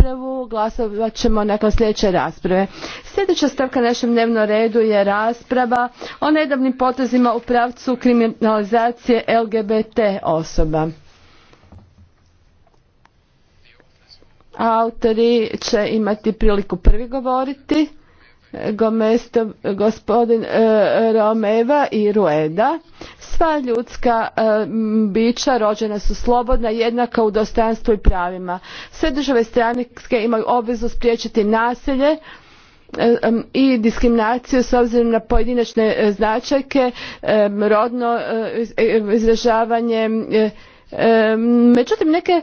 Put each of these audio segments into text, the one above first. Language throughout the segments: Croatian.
raspravu, glasovat ćemo nakon sljedeće rasprave. Sljedeća stavka na našem dnevnom redu je rasprava o nedavnim potezima u pravcu kriminalizacije LGBT osoba. Autori će imati priliku prvi govoriti. Gomesto, gospodin e, Romeva i Rueda. Sva ljudska e, bića rođena su slobodna, jednaka u dostojanstvu i pravima. Sve države stranike imaju obvezu spriječiti nasilje e, i diskriminaciju s obzirom na pojedinačne značajke, rodno izražavanje. Međutim, neke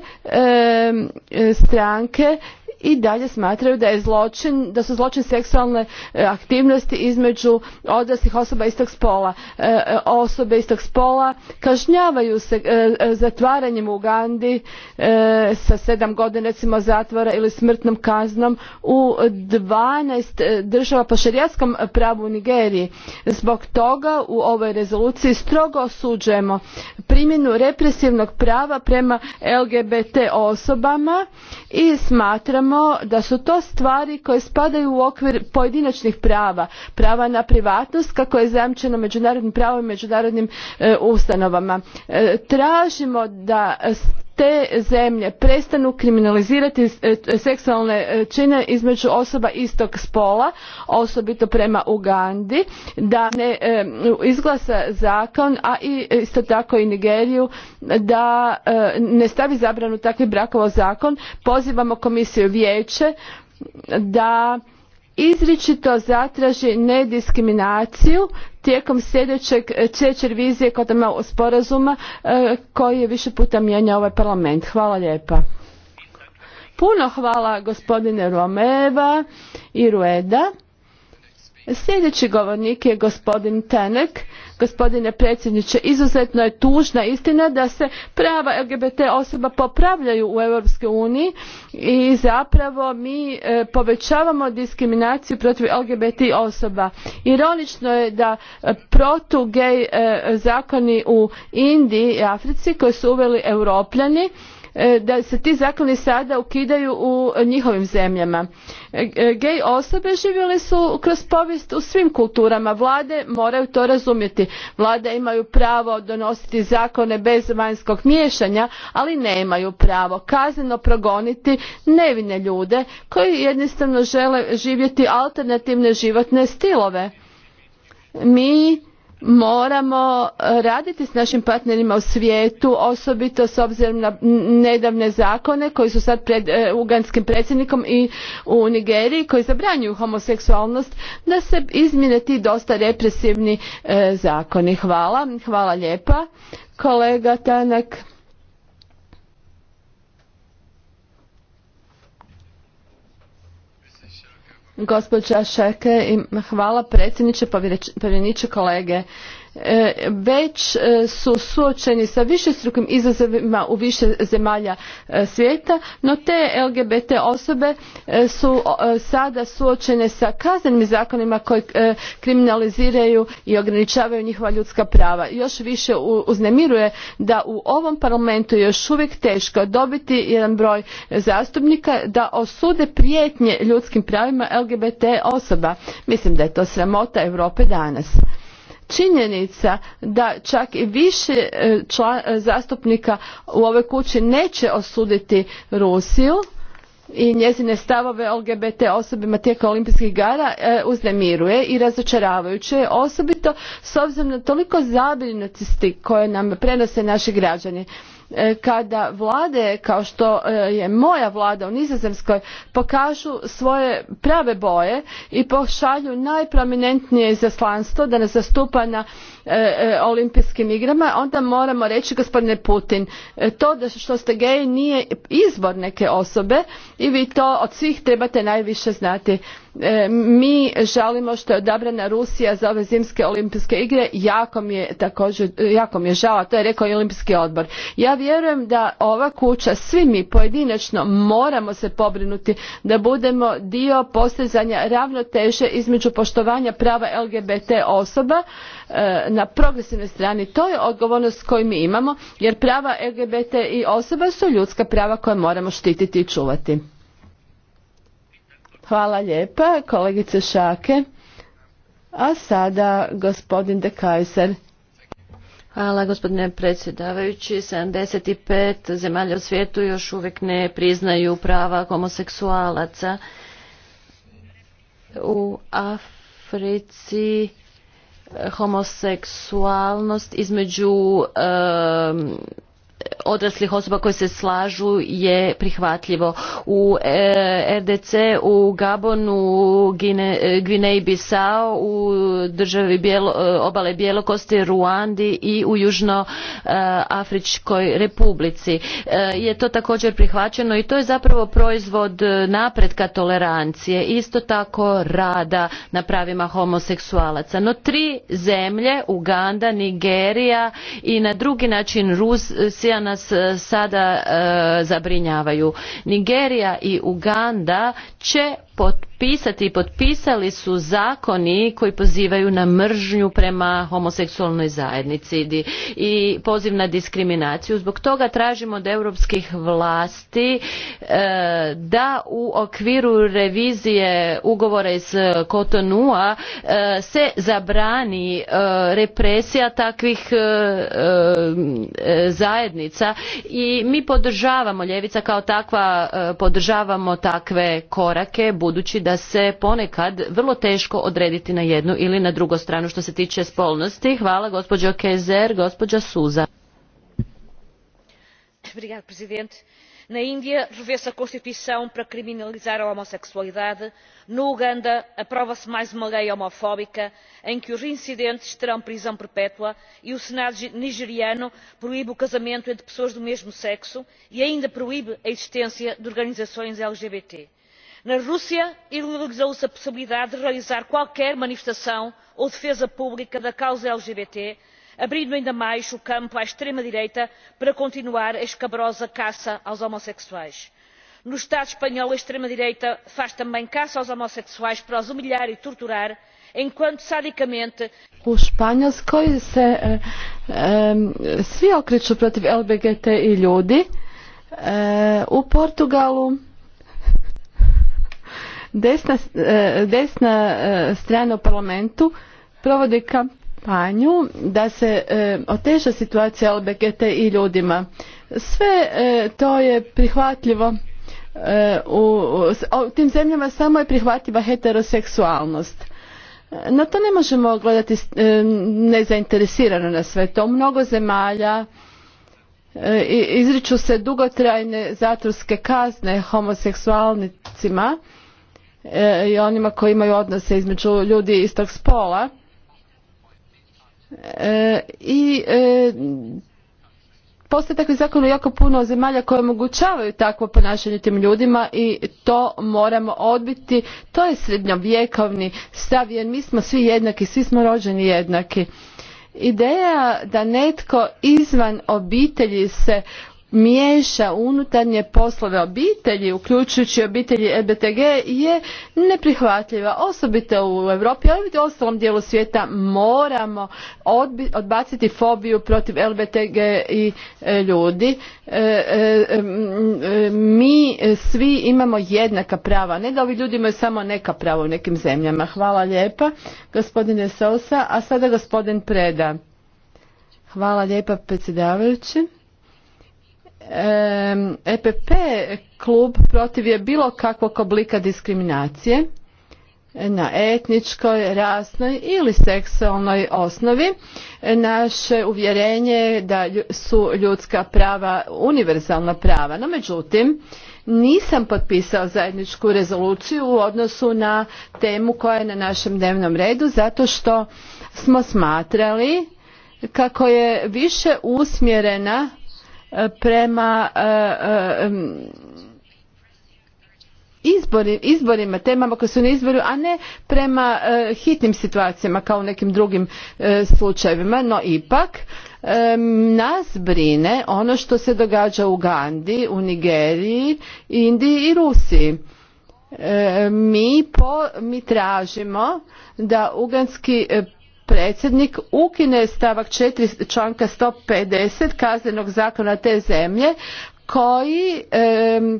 stranke i dalje smatraju da je zločin da su zločin seksualne e, aktivnosti između odraslih osoba istog spola e, e, osobe istog spola kažnjavaju se zatvaranjem u Ugandi sa sedam godina recimo zatvora ili smrtnom kaznom u dvanaest država po šerijatskom pravu u Nigeriji zbog toga u ovoj rezoluciji strogo osuđujemo primjenu represivnog prava prema LGBT osobama i smatram smatramo da su to stvari koje spadaju u okvir pojedinačnih prava prava na privatnost kako je zajamčeno međunarodnim pravom i međunarodnim e, ustanovama e, tražimo da te zemlje prestanu kriminalizirati e, seksualne e, čine između osoba istog spola osobito prema ugandi da ne e, izglasa zakon a i isto tako i nigeriju da ne stavi zabranu takvih brakova u zakon pozivamo komisiju i vijeće da izričito zatraži nediskriminaciju tijekom e, sljedeće revizije kod sporazuma e, koji je više puta mijenjao ovaj parlament. Hvala lijepa. Puno hvala gospodine Romeva i Rueda. Sljedeći govornik je gospodin Tenek, Gospodine predsjedniče, izuzetno je tužna istina da se prava LGBT osoba popravljaju u Europskoj uniji i zapravo mi e, povećavamo diskriminaciju protiv LGBT osoba. Ironično je da e, protugej e, zakoni u Indiji i Africi koje su uveli europljani E, da se ti zakoni sada ukidaju u njihovim zemljama. E, e, gej osobe živjele su kroz povijest u svim kulturama. Vlade moraju to razumjeti. Vlade imaju pravo donositi zakone bez vanjskog miješanja, ali nemaju pravo kazneno progoniti nevine ljude koji jednostavno žele živjeti alternativne životne stilove. Mi moramo e, raditi s našim partnerima u svijetu osobito s obzirom na nedavne zakone koji su sad pred e, uganskim predsjednikom i u nigeriji koji zabranjuju homoseksualnost da se izmjene ti dosta represivni e, zakoni. hvala. hvala lijepa. kolega tanak Gospođa Šeke, hvala predsjedniče, povjereniče kolege. E, već e, su suočeni sa višestrukim izazovima u više zemalja e, svijeta, no te LGBT osobe su sada suočene sa kaznenim zakonima koji kriminaliziraju i ograničavaju njihova ljudska prava. Još više uznemiruje da u ovom parlamentu je još uvijek teško dobiti jedan broj zastupnika da osude prijetnje ljudskim pravima LGBT osoba. Mislim da je to sramota Europe danas činjenica da čak i više e, e, zastupnika u ovoj kući neće osuditi Rusiju i njezine stavove LGBT osobima tijekom olimpijskih igara e, uznemiruje i razočaravajuće je osobito s obzirom na toliko zabrinutosti koje nam prenose naši građani. E, kada vlade kao što e, je moja vlada u Nizozemskoj pokažu svoje prave boje i pošalju najprominentnije izaslanstvo da nas zastupa na e, olimpijskim igrama onda moramo reći gospodine Putin to da što ste gay nije izbor neke osobe i vi to od svih trebate najviše znati mi žalimo što je odabrana Rusija za ove zimske olimpijske igre jako mi je jako mi je žao to je rekao i olimpijski odbor ja vjerujem da ova kuća svi mi pojedinačno moramo se pobrinuti da budemo dio postizanja ravnoteže između poštovanja prava lgbt osoba e, na progresivnoj strani to je odgovornost koju mi imamo jer prava lgbt i osoba su ljudska prava koja moramo štititi i čuvati hvala lijepa kolegice šake a sada gospodin de Kaiser. Hvala gospodine predsjedavajući. 75 zemalja u svijetu još uvijek ne priznaju prava homoseksualaca. U Africi eh, homoseksualnost između odraslih osoba koje se slažu je prihvatljivo. U e, RDC, u Gabonu, e, Gvineji Bisao, u državi e, obale Bjelokosti, Ruandi i u Južnoafričkoj republici. Je to također prihvaćeno i to je zapravo proizvod napretka tolerancije, isto tako rada na pravima homoseksualaca. No tri zemlje, Uganda, Nigerija i na drugi način Rusija na nas e, sada e, zabrinjavaju. Nigerija i Uganda će potpisati i potpisali su zakoni koji pozivaju na mržnju prema homoseksualnoj zajednici i poziv na diskriminaciju. Zbog toga tražimo od europskih vlasti e, da u okviru revizije ugovora iz Kotonua e, se zabrani e, represija takvih zajednica i mi podržavamo, Ljevica kao takva podržavamo takve korake, budući da se ponekad vrlo teško odrediti na jednu ili na drugu stranu što se tiče spolnosti. Hvala gospođo Kezer, gospođa Suza. Obrigado, presidente. Na Índia revê-se a Constituição para criminalizar a homossexualidade. No Uganda, aprova-se mais uma lei homofóbica em que os reincidentes terão prisão perpétua e o Senado nigeriano proíbe o casamento entre pessoas do mesmo sexo e ainda proíbe a existência de organizações LGBT na rússia ilegalizou se a possibilidade de realizar qualquer manifestação ou defesa pública da causa lgbt abrindo ainda mais o campo à extrema direita para continuar a escabrosa caça aos homossexuais. no estado espanhol a extrema direita faz também caça aos homossexuais para os humilhar e torturar enquanto sadicamente se eh, svi okreću protiv i ljudi eh, u portugalu desna, eh, eh, strana u parlamentu provodi kampanju da se eh, oteža situacija LBGT i ljudima. Sve to je prihvatljivo u, tim zemljama samo je prihvatljiva heteroseksualnost. Na to ne možemo gledati nezainteresirano na sve to. Mnogo zemalja izriču se dugotrajne zatvorske kazne homoseksualnicima E, i onima koji imaju odnose između ljudi istog spola e, i e, postoje takvi zakoni jako puno zemalja koje omogućavaju takvo ponašanje tim ljudima i to moramo odbiti to je srednjovjekovni stav jer mi smo svi jednaki svi smo rođeni jednaki ideja da netko izvan obitelji se miješa unutarnje poslove obitelji, uključujući obitelji LBTG, je neprihvatljiva. Osobito u Europi, ali u ostalom dijelu svijeta moramo odbaciti fobiju protiv LBTG i e, ljudi. E, e, mi svi imamo jednaka prava, ne da ovi ljudi imaju samo neka prava u nekim zemljama. Hvala lijepa, gospodine Sosa. A sada gospodin Preda. Hvala lijepa, predsjedavajući. EPP e klub protiv je bilo kakvog oblika diskriminacije na etničkoj, rasnoj ili seksualnoj osnovi. Naše uvjerenje da su ljudska prava univerzalna prava. No međutim, nisam potpisao zajedničku rezoluciju u odnosu na temu koja je na našem dnevnom redu zato što smo smatrali kako je više usmjerena E, prema e, e, izborima, temama koje su na izboru, a ne prema hitnim situacijama kao u nekim drugim slučajevima, no ipak nas brine ono što se događa u gandi u Nigeriji, Indiji i Rusiji. Mi, mi tražimo da uganski predsjednik ukine stavak 4 članka 150 kaznenog zakona te zemlje koji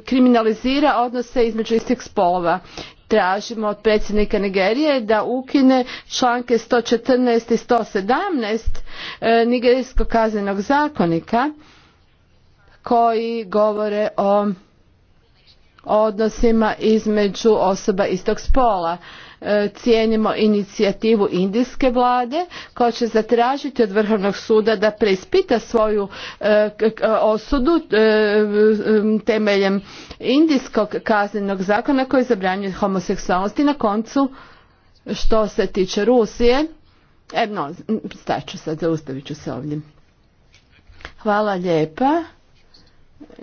kriminalizira odnose između istih spolova tražimo od predsjednika Nigerije da ukine članke 114 i 117 e, nigerijskog kaznenog zakonika koji govore o odnosima između osoba istog spola. E, cijenimo inicijativu indijske vlade koja će zatražiti od Vrhovnog suda da preispita svoju e, osudu e, temeljem indijskog kaznenog zakona koji zabranjuje homoseksualnost i na koncu što se tiče Rusije E, no, staću sad, zaustavit ću se ovdje. Hvala lijepa,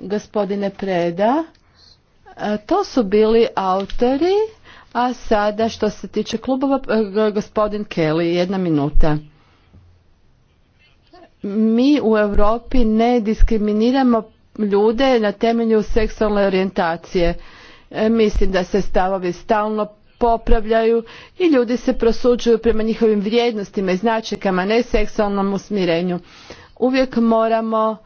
gospodine Preda. to su bili autori. A sada što se tiče klubova, gospodin Kelly, jedna minuta. Mi u Europi ne diskriminiramo ljude na temelju seksualne orijentacije. E, mislim da se stavovi stalno popravljaju i ljudi se prosuđuju prema njihovim vrijednostima i značajkama, ne seksualnom usmirenju. Uvijek moramo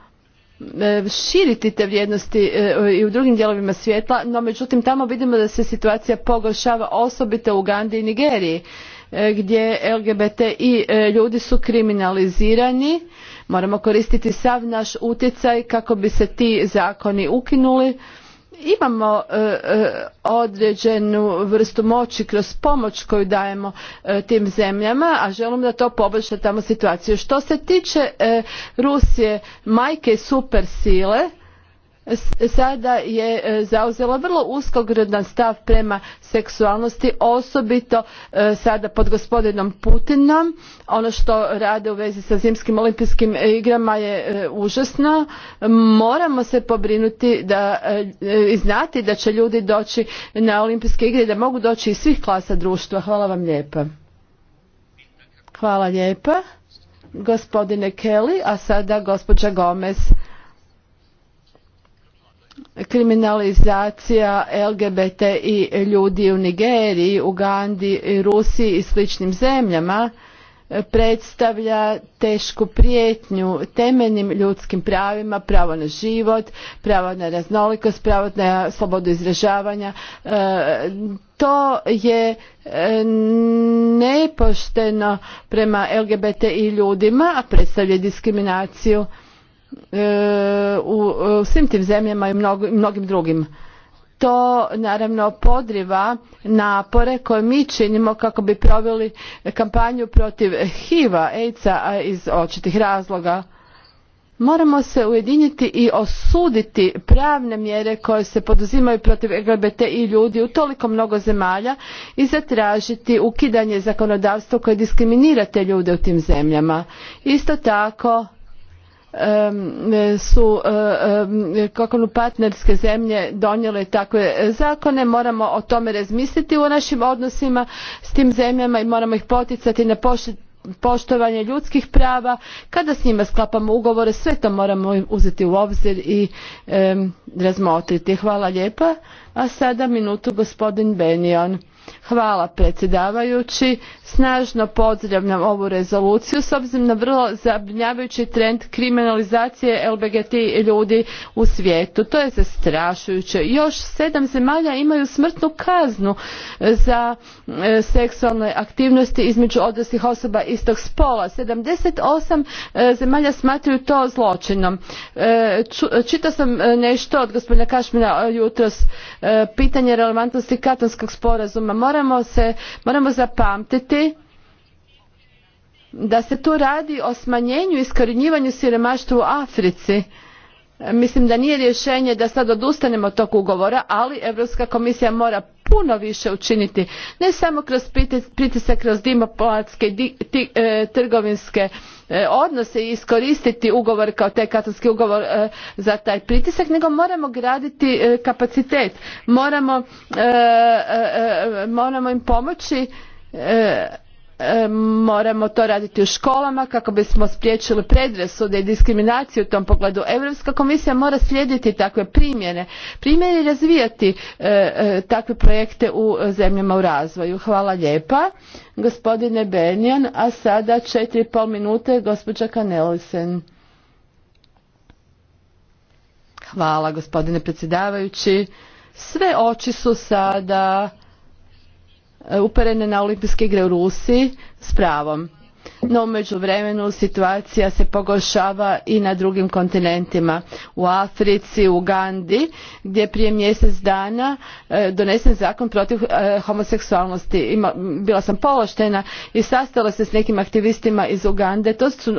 E, širiti te vrijednosti e, i u drugim dijelovima svijeta, no međutim tamo vidimo da se situacija pogoršava osobito u Ugandi i Nigeriji e, gdje LGBT i ljudi su kriminalizirani. Moramo koristiti sav naš utjecaj kako bi se ti zakoni ukinuli imamo e, e, određenu vrstu moći kroz pomoć koju dajemo e, tim zemljama a želim da to poboljša tamo situaciju što se tiče Rusije majke supersile sada je e, zauzela vrlo uskogrudan stav prema seksualnosti osobito e, sada pod gospodinom Putinom. Ono što rade u vezi sa zimskim olimpijskim igrama je e, užasno. Moramo se pobrinuti da i znati da će ljudi doći na olimpijske igre i da mogu doći iz svih klasa društva. Hvala vam lijepa. Hvala lijepa gospodine Kelly, a sada gospođa Gomez kriminalizacija LGBT i ljudi u Nigeriji, Ugandi, Rusiji i sličnim zemljama e, predstavlja tešku prijetnju temeljnim ljudskim pravima, pravo na život, pravo na raznolikost, pravo na slobodu izražavanja. E, to je e, nepošteno prema LGBT i ljudima, a predstavlja diskriminaciju E, e, u, svim tim zemljama i mnogim drugim to naravno podriva napore koje mi činimo kako bi proveli kampanju protiv HIV-a, AIDS-a iz očitih razloga. Moramo se ujediniti i osuditi pravne mjere koje se poduzimaju protiv LGBT i ljudi u toliko mnogo zemalja i zatražiti ukidanje zakonodavstva koje diskriminira te ljude u tim zemljama. Isto tako su e, ono partnerske zemlje donijele takve zakone moramo o tome razmisliti u našim odnosima s tim zemljama i moramo ih poticati na poštovanje ljudskih prava kada s njima sklapamo ugovore sve to moramo uzeti u obzir i razmotriti. Hvala lijepa. A sada minutu gospodin Benion. Hvala predsjedavajući. Snažno pozdravljam ovu rezoluciju s obzirom na vrlo zabrinjavajući trend kriminalizacije LBGT ljudi u svijetu. To je zastrašujuće. Još sedam zemalja imaju smrtnu kaznu za e, seksualne aktivnosti između odraslih osoba istog spola. osam e, zemalja smatraju to zločinom. E, čitao sam nešto od gospodina Kašmina jutros pitanje relevantnosti katonskog sporazuma moramo, zapamtiti da se tu radi o smanjenju i iskorjenjivanju siromaštva u africi mislim da nije rješenje da sad odustanemo od tog ugovora ali europska komisija mora puno više učiniti ne samo kroz pritisak kroz diplomatske e, trgovinske e, odnose i iskoristiti ugovor kao taj katonski ugovor e, za taj pritisak nego moramo graditi kapacitet moramo, moramo im pomoći moramo to raditi u školama kako bismo spriječili predrasude i diskriminaciju u tom pogledu. Europska komisija mora slijediti takve primjene. Primjer i razvijati e, e, takve projekte u zemljama u razvoju. Hvala lijepa. Gospodine Benjan, a sada četiri pol minute gospođa Kanelisen. Hvala gospodine predsjedavajući. Sve oči su sada E, uperene na olimpijske igre u Rusiji s pravom. No u međuvremenu situacija se pogoršava i na drugim kontinentima. U Africi, u Ugandi, gdje je prije mjesec dana e, donesen zakon protiv e, homoseksualnosti. bila sam pološtena i sastala se s nekim aktivistima iz Ugande. To su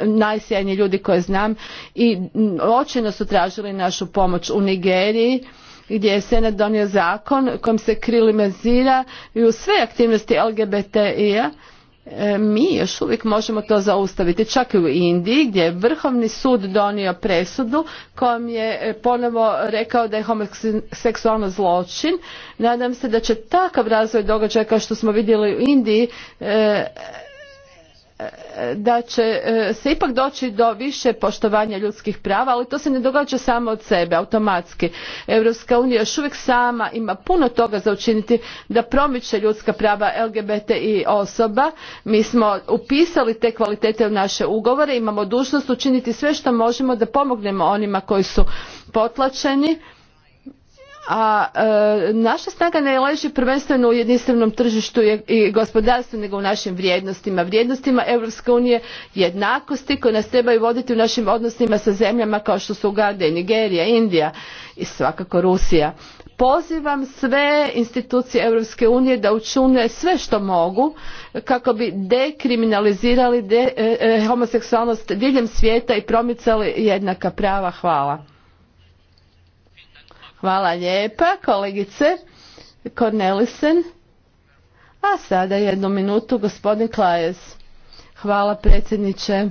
najsjajniji ljudi koje znam i očajno su tražili našu pomoć u Nigeriji gdje je Senat donio zakon kojim se zira i u sve aktivnosti LGBTI-a e, mi još uvijek možemo to zaustaviti. Čak i u Indiji gdje je Vrhovni sud donio presudu kojom je e, ponovo rekao da je homoseksualno zločin. Nadam se da će takav razvoj događaja kao što smo vidjeli u Indiji e, da će e, se ipak doći do više poštovanja ljudskih prava, ali to se ne događa samo od sebe, automatski. Europska unija još uvijek sama ima puno toga za učiniti da promiče ljudska prava LGBTI osoba. Mi smo upisali te kvalitete u naše ugovore, imamo dužnost učiniti sve što možemo da pomognemo onima koji su potlačeni a e, naša snaga ne leži prvenstveno u jedinstvenom tržištu i gospodarstvu nego u našim vrijednostima vrijednostima europske unije jednakosti koje nas trebaju voditi u našim odnosima sa zemljama kao što su ugande nigerija indija i svakako rusija pozivam sve institucije europske unije da učune sve što mogu kako bi dekriminalizirali e, e, homoseksualnost diljem svijeta i promicali jednaka prava hvala Hvala lijepa, kolegice Kornelisen. A sada jednu minutu, gospodin Klaes Hvala predsjedniče.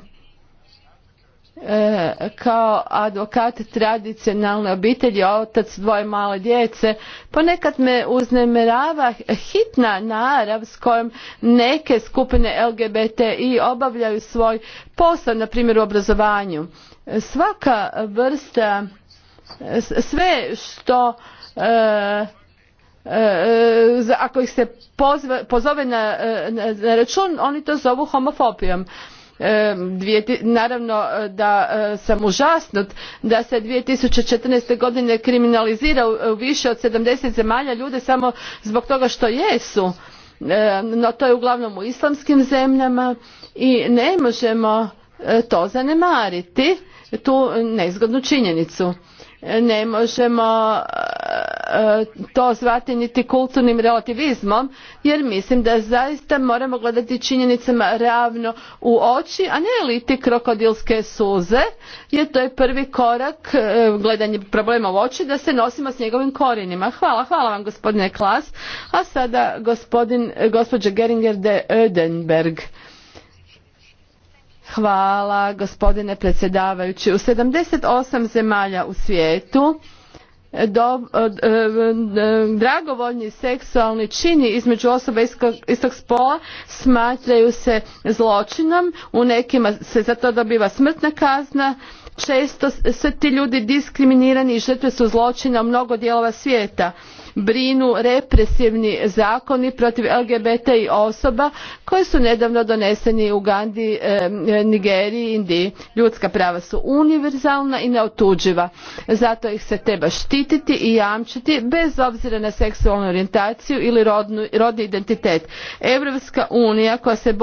E, kao advokat tradicionalne obitelji, otac dvoje male djece, ponekad me uznemirava hitna narav s kojom neke skupine LGBTI obavljaju svoj posao, na primjer u obrazovanju. Svaka vrsta sve što e, e, e, ako ih se pozove na, račun oni to zovu homofobijom. naravno da sam užasnut da se. 2014. godine kriminalizira u, više od 70 zemalja ljude samo zbog toga što jesu no to je uglavnom u islamskim zemljama i ne možemo to zanemariti tu nezgodnu činjenicu ne možemo e, to zvati niti kulturnim relativizmom jer mislim da zaista moramo gledati činjenicama ravno u oči a ne liti krokodilske suze jer to je prvi korak e, gledanje problema u oči da se nosimo s njegovim korijenima. Hvala, hvala vam gospodine Klas. A sada gospodin, e, gospođa Geringer de Ödenberg. Hvala gospodine predsjedavajući. U 78 zemalja u svijetu e, e, dragovoljni seksualni čini između osoba istog, spola smatraju se zločinom, u nekima se za to dobiva smrtna kazna, često se ti ljudi diskriminirani i žrtve su zločina u mnogo dijelova svijeta brinu represivni zakoni protiv LGBTI osoba koji su nedavno doneseni u ugandi Nigeriji, i Indiji. Ljudska prava su univerzalna i neotuđiva. Zato ih se treba štititi i jamčiti bez obzira na seksualnu orijentaciju ili rodni identitet. Europska unija koja se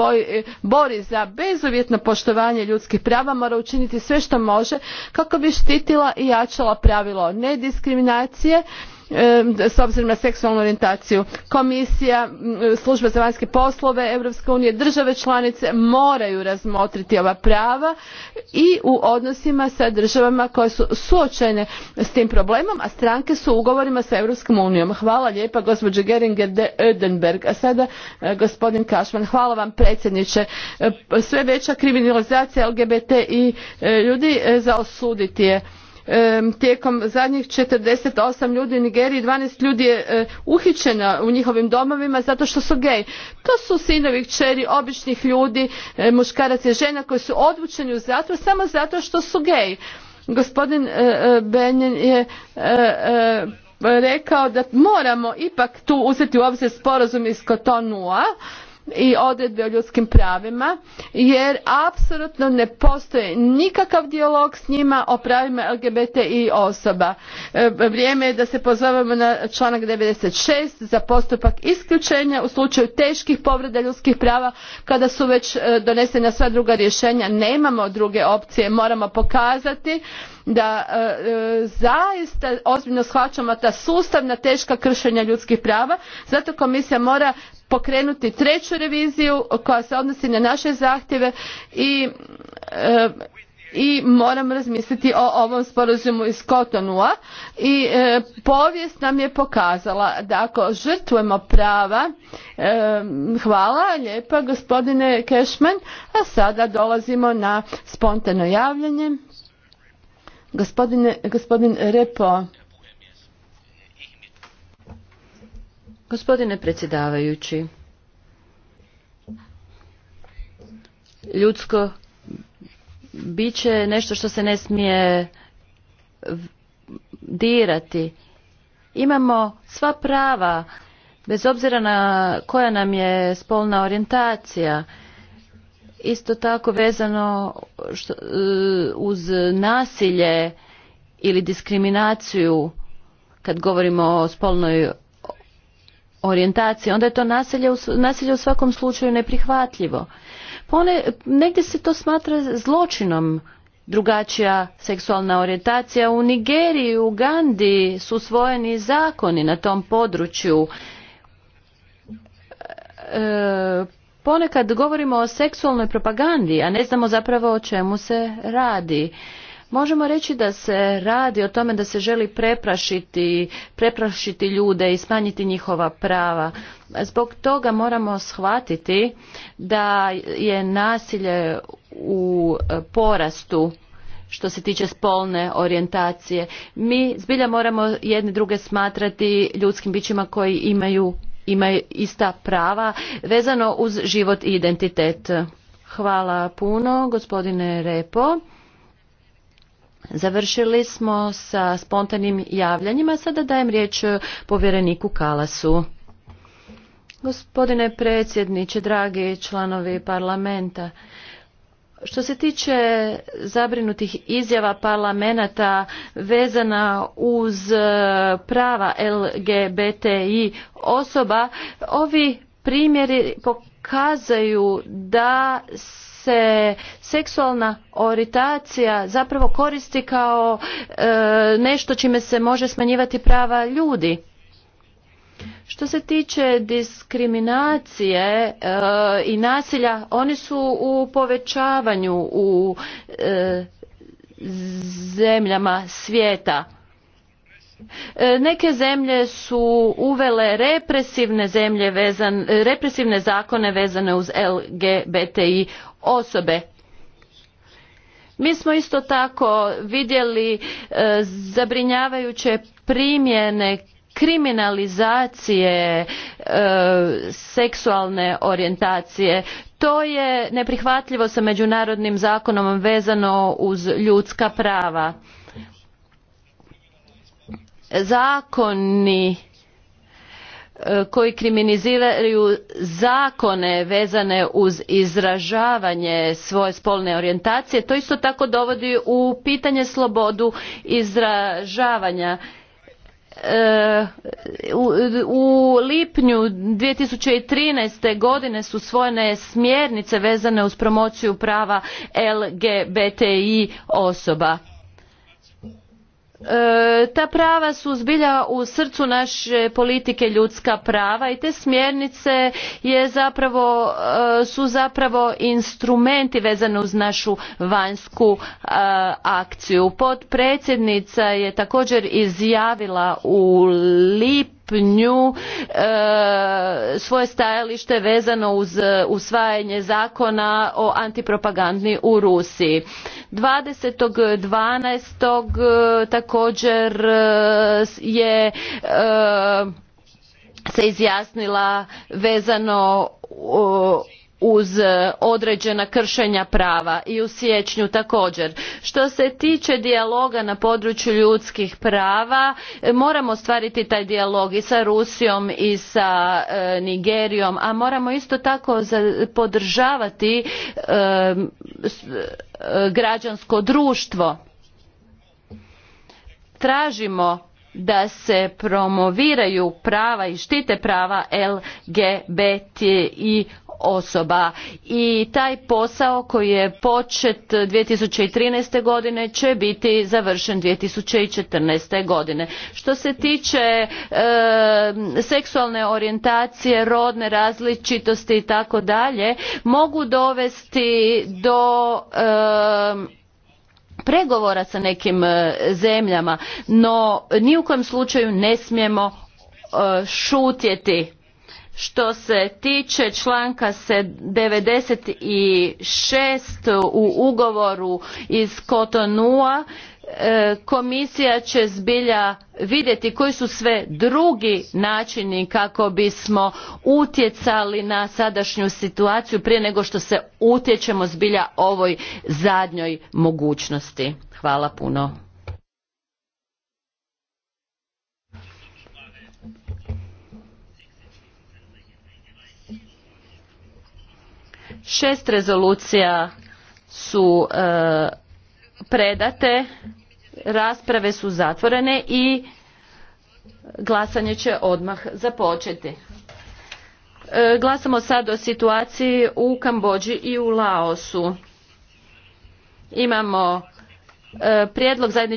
bori za bezuvjetno poštovanje ljudskih prava mora učiniti sve što može kako bi štitila i jačala pravilo nediskriminacije s obzirom na seksualnu orijentaciju. komisija služba za vanjske poslove europske unije države članice moraju razmotriti ova prava i u odnosima sa državama koje su suočene s tim problemom a stranke su u ugovorima sa europskom unijom. hvala lijepa gospođo geringer de oedenberg. a sada e, gospodin cashman. hvala vam predsjedniče. E, sve veća kriminalizacija lgbt i e, ljudi za osuditi je tijekom zadnjih četrdeset osam ljudi u nigeriji dvanaest ljudi je e, uhićeno u njihovim domovima zato što su gej. to su sinovi kćeri običnih ljudi e, muškaraca i žena koji su odvučeni u zatvor samo zato što su gay gospodin e, benjen je rekao da moramo ipak tu uzeti u obzir sporazum iz cotonoua i odredbe o ljudskim pravima jer apsolutno ne postoji nikakav dijalog s njima o pravima LGBTI osoba. E, vrijeme je da se pozovemo na članak 96 za postupak isključenja u slučaju teških povreda ljudskih prava kada su već e, donesena sva druga rješenja nemamo druge opcije moramo pokazati da e, e, zaista ozbiljno shvaćamo ta sustavna teška kršenja ljudskih prava zato komisija mora pokrenuti treću reviziju koja se odnosi na naše zahtjeve i e, moramo razmisliti o ovom sporazumu iz Kotonua i povijest nam je pokazala da ako žrtvujemo prava hvala lijepa gospodine Cashman a sada dolazimo na spontano javljanje Gospodine, Repo. Gospodine predsjedavajući, ljudsko biće je nešto što se ne smije dirati. Imamo sva prava, bez obzira na koja nam je spolna orijentacija. Isto tako vezano što, e, uz nasilje ili diskriminaciju kad govorimo o spolnoj orijentaciji, onda je to nasilje, nasilje u svakom slučaju neprihvatljivo. Pone, pa negdje se to smatra zločinom drugačija seksualna orijentacija. U Nigeriji, u Gandiji su usvojeni zakoni na tom području. E, ponekad govorimo o seksualnoj propagandi, a ne znamo zapravo o čemu se radi. Možemo reći da se radi o tome da se želi preprašiti, preprašiti ljude i smanjiti njihova prava. Zbog toga moramo shvatiti da je nasilje u porastu što se tiče spolne orijentacije. Mi zbilja moramo jedni druge smatrati ljudskim bićima koji imaju imaju ista prava vezano uz život i identitet. Hvala puno, gospodine Repo. Završili smo sa spontanim javljanjima. Sada dajem riječ povjereniku Kalasu. Gospodine predsjedniče, dragi članovi parlamenta, što se tiče zabrinutih izjava parlamenta vezana uz e, prava LGBTI osoba, ovi primjeri pokazaju da se seksualna orijentacija zapravo koristi kao e, nešto čime se može smanjivati prava ljudi što se tiče diskriminacije eh, i nasilja, oni su u povećavanju u eh, zemljama svijeta. Eh, neke zemlje su uvele represivne zemlje vezan, represivne zakone vezane uz LGBTI osobe. Mi smo isto tako vidjeli zabrinjavajuće primjene kriminalizacije e, seksualne orijentacije to je neprihvatljivo sa međunarodnim zakonom vezano uz ljudska prava zakoni e, koji kriminiziraju zakone vezane uz izražavanje svoje spolne orijentacije to isto tako dovodi u pitanje slobodu izražavanja E, u, lipnju 2013. godine su svojene smjernice vezane uz promociju prava LGBTI osoba E, ta prava su zbilja u srcu naše politike ljudska prava i te smjernice je e, su zapravo instrumenti vezani uz našu vanjsku e, akciju. Potpredsjednica je također izjavila u lipnju srpnju e, svoje stajalište vezano uz e, usvajanje zakona o antipropagandni u Rusiji. 20.12. E, također je se izjasnila vezano uz e, određena kršenja prava i u siječnju također. Što se tiče dijaloga na području ljudskih prava, e, moramo ostvariti taj dijalog i sa Rusijom i sa e, Nigerijom, a moramo isto tako podržavati građansko društvo. Tražimo da se promoviraju prava i štite prava LGBTI osoba i taj posao koji je počet 2013. godine će biti završen 2014. godine. Što se tiče e, seksualne orijentacije, rodne različitosti i tako dalje, mogu dovesti do e, pregovora sa nekim e, zemljama no ni u kojem slučaju ne smijemo šutjeti što se tiče članka 96 u ugovoru iz Kotonua, e, komisija će zbilja vidjeti koji su sve drugi načini kako bismo utjecali na sadašnju situaciju prije nego što se utječemo zbilja ovoj zadnjoj mogućnosti. Hvala puno. Šest rezolucija su e, predate, rasprave su zatvorene i glasanje će odmah započeti. E, glasamo sad o situaciji u Kambođi i u Laosu. Imamo e, prijedlog zajedničke